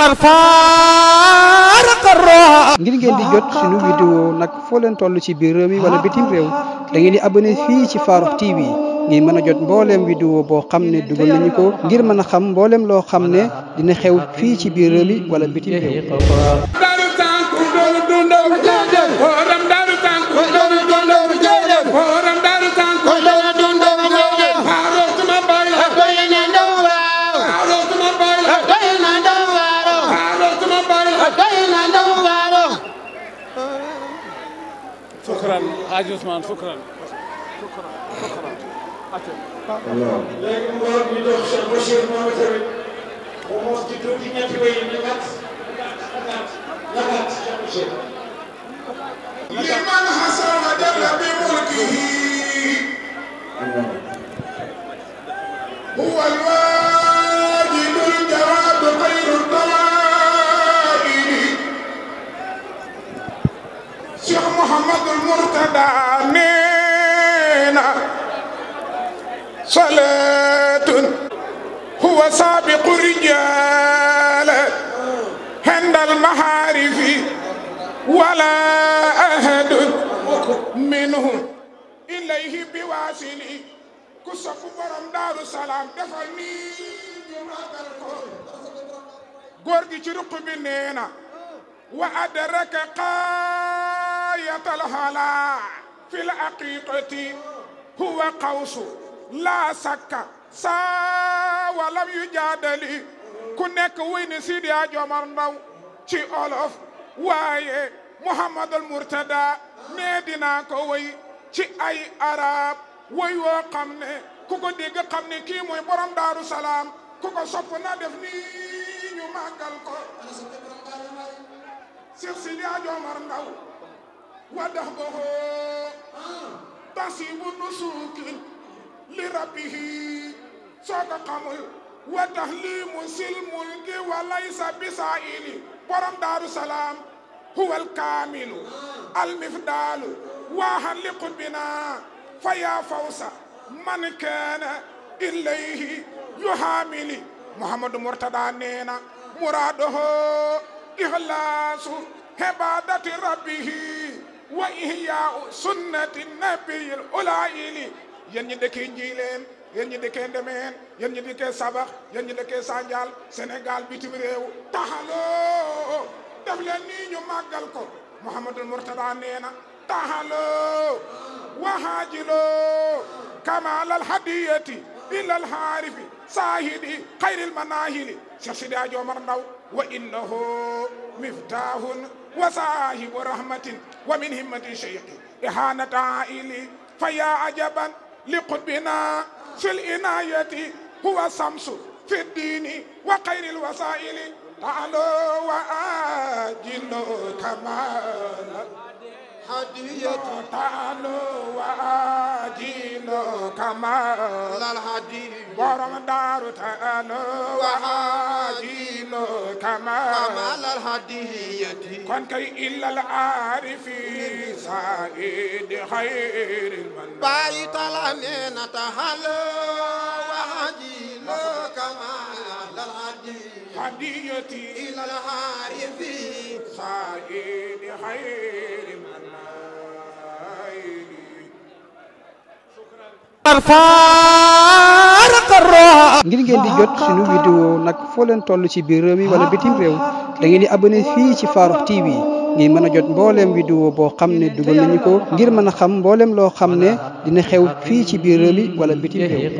ngir ngeen di jot suñu vidéo nag foo leen toll ci biir réew mi wala bitim réew da ngeen di abonné fii ci Farokh TV ngir mën a jot mbooleem vidéo boo xam ne dugal nañu ko ngir mën a xam mbooleem loo xam ne dina xew fii ci biir réew mi wala bitim réew. شكرا حاج عثمان شكرا شكرا شكرا لمن حصل دل بملكه هو الواحد شيخ محمد المرتضى منا صلاة هو سابق رجال عند المحارف ولا أحد منهم إليه بواسلي كسف برم دار السلام دفني غورجي تشرق بنينا وأدرك قال ذاك الهلا في الحقيقة هو قوس لا سك سا ولم يجادل كنك وين سيدي أجمر نو تي أولف واي محمد المرتدى نيدنا كوي تي أي عرب way woo xam ne ku ko dégg xam ne kii mooy borom daaru salaam ku ko sopp na def nii ñu màggal ko Cheikh Sidi Ajo Omar Ndaw ودهبه تسيب النسوك لربه صدق وتهليم سلمك وليس بسائل برم دار السلام هو الكامل المفدال واهن لقلبنا فيا فوز من كان إليه يحامل محمد مرتضى نينا مراده إخلاص عبادة ربه وهي سنة النبي الأولى إلي يعني دكي نجيلين يعني دكي ندمين يعني دكي سبخ يعني دكي سانجال سنغال بيتم ريو تحلو دبلن نينيو مغل محمد المرتضى نينا تحلو وحاجلو كما الحديث إلى الحارف ساهد خير المناهل شرشد عمر نو وإنه مفتاح وصاحب رحمة ومن همة شيخ إهانة عائلي فيا عجبا لقطبنا في الإناية هو سمس في الدين وخير الوسائل تعالوا وآجلوا كمالا هدية تعالوا وآجلوا دينو كما للحديد ورم دار تانو وحادينو كما للحديد كن كي إلا العارفين سعيد خير المن بايت الأمينة هلو وحدينو كما هديتي إلى العارفين سعيد خير المن ngir ngeen di jot suñu vidéo nag foo leen toll ci biir réew mi wala bitim réew da di abonné fii ci Farokh TV ngir mën a jot mbooleem vidéo boo xam ne dugal nañu ko ngir mën a xam mbooleem loo xam ne dina xew fii ci biir réew mi wala bitim réew